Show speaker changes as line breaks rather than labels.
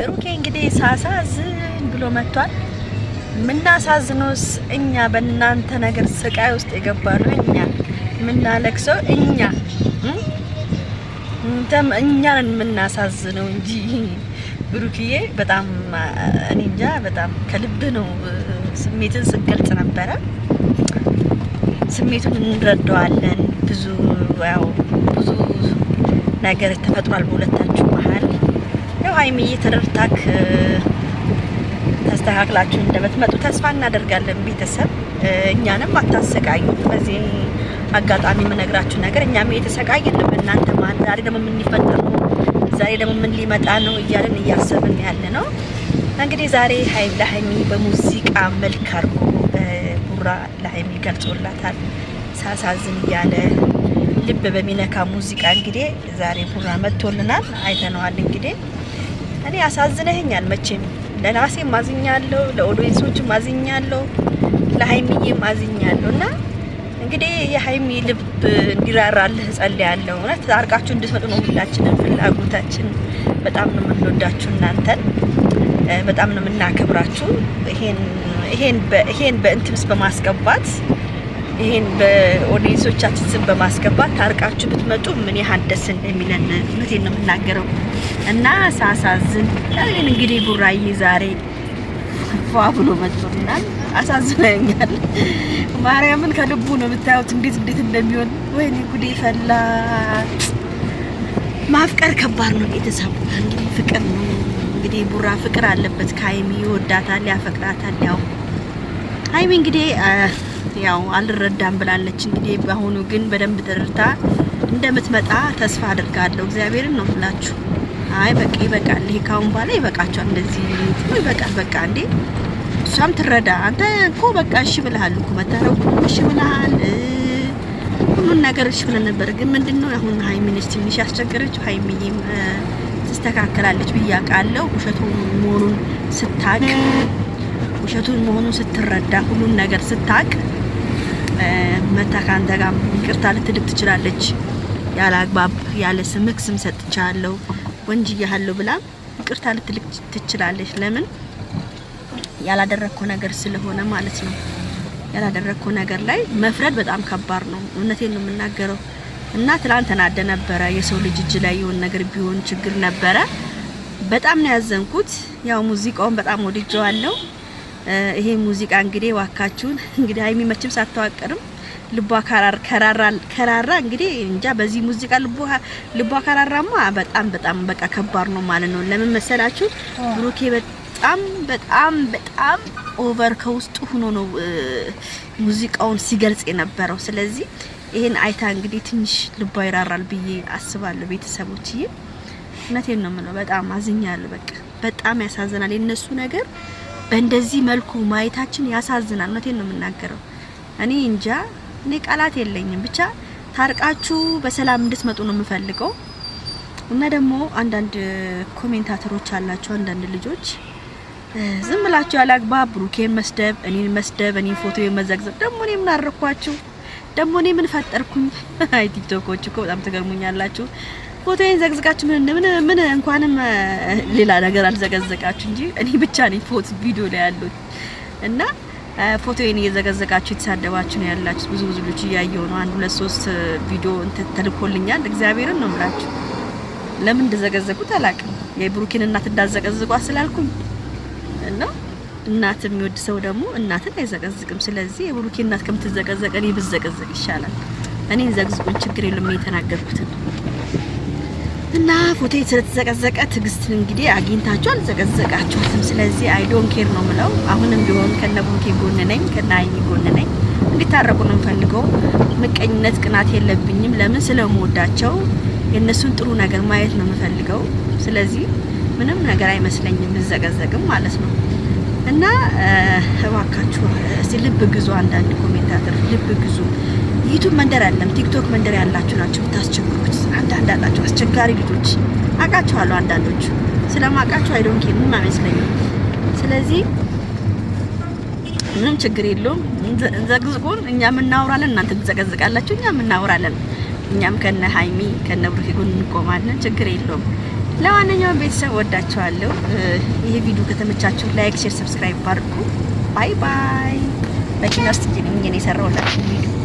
ብሩኬ እንግዲህ ሳሳዝን ብሎ መጥቷል። ምናሳዝኖስ እኛ በእናንተ ነገር ስቃይ ውስጥ የገባነው እኛ፣ ምናለቅሰው እኛ እንተም እኛን የምናሳዝነው እንጂ ብሩክዬ በጣም እኔ እንጃ በጣም ከልብ ነው ስሜትን ስገልጽ ነበረ። ስሜቱን እንረዳዋለን። ብዙ ያው ብዙ ነገር ተፈጥሯል በሁለታችሁ መሀል ሀይሚ ትርርታክ ተስተካክላችሁ እንደምትመጡ ተስፋ እናደርጋለን። ቤተሰብ እኛንም አታሰቃዩ። በዚህ አጋጣሚ የምነግራችሁ ነገር እኛም የተሰቃየን እናንተ ማን ዛሬ ደግሞ የምንፈጠር ነው፣ ዛሬ ደግሞ ምን ሊመጣ ነው እያለን እያሰብን ያለ ነው። እንግዲህ ዛሬ ሀይሚ ለሀይሚ በሙዚቃ መልክ አርጎ ቡራ ለሀይሚ ገልጾላታል። ሳሳዝን እያለ ልብ በሚነካ ሙዚቃ እንግዲህ ዛሬ ቡራ መጥቶልናል፣ አይተነዋል እንግዲህ እኔ አሳዝነህኛል። መቼም ለራሴ ማዝኛለሁ፣ ለኦዲየንሶች ማዝኛለሁ፣ ለሀይሚዬ ማዝኛለሁ እና እንግዲህ የሀይሚ ልብ እንዲራራልህ ጸልያለሁ። እውነት ታርቃችሁ እንድትመጡ ነው ሁላችንን ፍላጎታችን። በጣም ነው የምንወዳችሁ እናንተን በጣም ነው የምናከብራችሁ። ይሄን ይሄን በእንትን በማስገባት ይሄን በኦዲየንሶቻችን ስም በማስገባት ታርቃችሁ ብትመጡ ምን ያህል ደስ እንደሚለን እውነቴን ነው የምናገረው። እና ሳሳዝን ግን እንግዲህ ቡራዬ ዛሬ ፏ ብሎ መጥቶና አሳዝናኛል። ማርያምን ከልቡ ነው የምታዩት፣ እንዴት እንዴት እንደሚሆን ወይኔ ጉዴ ፈላ። ማፍቀር ከባድ ነው ቤተሰቡ፣ ፍቅር ነው እንግዲህ። ቡራ ፍቅር አለበት ከሀይሚ ይወዳታል፣ ያፈቅራታል። ያው ሀይሚ እንግዲህ ያው አልረዳም ብላለች። እንግዲህ በአሁኑ ግን በደንብ ተረድታ እንደምትመጣ ተስፋ አድርጋለሁ። እግዚአብሔርን ነው ብላችሁ አይ በቃ ይበቃል፣ ይሄ ካሁን በኋላ ይበቃቸዋል። እንደዚህ ይበቃል፣ በቃ እንዴ እሷም ትረዳ። አንተ እኮ በቃ እሺ ብለሃል እኮ መታረቁ እሺ ብለሃል፣ ሁሉን ነገር እሺ ብለን ነበር። ግን ምንድን ነው አሁን ሀይሚነች ትንሽ ያስቸገረችው። ሀይሚዬም ትስተካከላለች ብዬ አውቃለሁ። ውሸቱን መሆኑን ስታቅ ውሸቱን መሆኑን ስትረዳ ሁሉን ነገር ስታቅ መታ ከአንተ ጋር ይቅርታ ልትልክ ትችላለች። ያለ አግባብ ያለ ስምክ ስም ሰጥቻለሁ ወንጅያለሁ ብላ ይቅርታ ልትልክ ትችላለች። ለምን ያላደረግከው ነገር ስለሆነ ማለት ነው። ያላደረግከው ነገር ላይ መፍረድ በጣም ከባድ ነው። እውነቴን ነው የምናገረው። እና ትላንት ተናደ ነበረ። የሰው ልጅ እጅ ላይ የሆነ ነገር ቢሆን ችግር ነበረ። በጣም ነው ያዘንኩት። ያው ሙዚቃውን በጣም ወድጀዋለሁ። ይሄ ሙዚቃ እንግዲህ ዋካችሁን እንግዲህ ሀይሚ መቼም ሳታዋቅርም ልቧ ከራራ እንግዲህ እንጃ። በዚህ ሙዚቃ ልቧ ልቧ ከራራማ በጣም በጣም በቃ ከባድ ነው ማለት ነው። ለምን መሰላችሁ? ብሩኬ በጣም በጣም በጣም ኦቨር ከውስጡ ሆኖ ነው ሙዚቃውን ሲገልጽ የነበረው። ስለዚህ ይሄን አይታ እንግዲህ ትንሽ ልቧ ይራራል ብዬ አስባለሁ። ቤተሰቦች ይሄ እውነቴን ነው የምለው። በጣም አዝኛለሁ። በቃ በጣም ያሳዝናል የነሱ ነገር በእንደዚህ መልኩ ማየታችን ያሳዝናል። እውነቴን ነው የምናገረው። እኔ እንጃ፣ እኔ ቃላት የለኝም። ብቻ ታርቃችሁ በሰላም እንድትመጡ ነው የምፈልገው። እና ደግሞ አንዳንድ ኮሜንታተሮች አላችሁ፣ አንዳንድ ልጆች ዝም ብላችሁ ያላግባብ ብሩኬን መስደብ፣ እኔን መስደብ፣ እኔን ፎቶ የመዘግዘብ ደግሞ እኔ ምን አረኳችሁ? ደግሞ እኔ ምን ፈጠርኩኝ? አይ ቲክቶኮች እኮ በጣም ትገርሙኛላችሁ። ፎቶዬን ዘግዝቃችሁ ምን ምን ምን እንኳንም ሌላ ነገር አልዘገዘቃችሁ እንጂ እኔ ብቻ ነኝ ፎቶ ቪዲዮ ላይ ያሉት እና ፎቶዬን እየዘገዘቃችሁ የተሳደባችሁ ነው ያላችሁ። ብዙ ብዙ ልጅ እያየሁ ነው። አንድ ሁለት ሶስት ቪዲዮ ተልኮልኛል። እግዚአብሔርን ነው ምላችሁ። ለምን እንደዘገዘቁት አላውቅም። የብሩኪን እናት እንዳዘቀዝቋት ስላልኩኝ እና እናት የሚወድ ሰው ደግሞ እናትን አይዘገዝቅም። ስለዚህ የብሩኪን እናት ከምትዘቀዘቅ እኔ ብዘቀዘቅ ይሻላል። እኔን ዘግዝቁን ችግር የለም የተናገርኩትን እና ፎቶ ስለተዘቀዘቀ ትዕግስትን እንግዲህ አግኝታችሁ አልዘቀዘቃችሁትም። ስለዚህ አይ ዶን ኬር ነው ምለው። አሁንም ቢሆን ከነ ቡርኬ ጎን ነኝ፣ ከነ ጎን ነኝ። እንዲታረቁ ነው ፈልገው። ምቀኝነት፣ ቅናት የለብኝም። ለምን ስለምወዳቸው የእነሱን ጥሩ ነገር ማየት ነው የምፈልገው። ስለዚህ ምንም ነገር አይመስለኝም ብዘቀዘቅም ማለት ነው። እና እባካችሁ እስቲ ልብ ግዙ። አንዳንድ ኮሜንታተር ልብ ግዙ። ዩቱብ መንደር አለም ቲክቶክ መንደር ያላችሁ ናቸው ብታስቸግሩ አንዳንድ አላቸው አስቸጋሪ ልጆች አውቃቸዋለሁ። አንዳንዶቹ ስለማውቃቸው አይዶንኬ ምንም አይመስለኝም። ስለዚህ ምንም ችግር የለውም። ዘግዝቁን፣ እኛም እናውራለን፣ እናንተ ትዘገዝቃላችሁ፣ እኛም እናውራለን። እኛም ከነ ሀይሚ ከነ ብሩኬ ጎን እንቆማለን። ችግር የለውም። ለማንኛውም ቤተሰብ ወዳቸዋለሁ። ይህ ቪዲዮ ከተመቻችሁ ላይክ፣ ሼር፣ ሰብስክራይብ አድርጉ። ባይ ባይ። መኪና ውስጥ እንግዲህ የሰራውላችሁ ቪዲዮ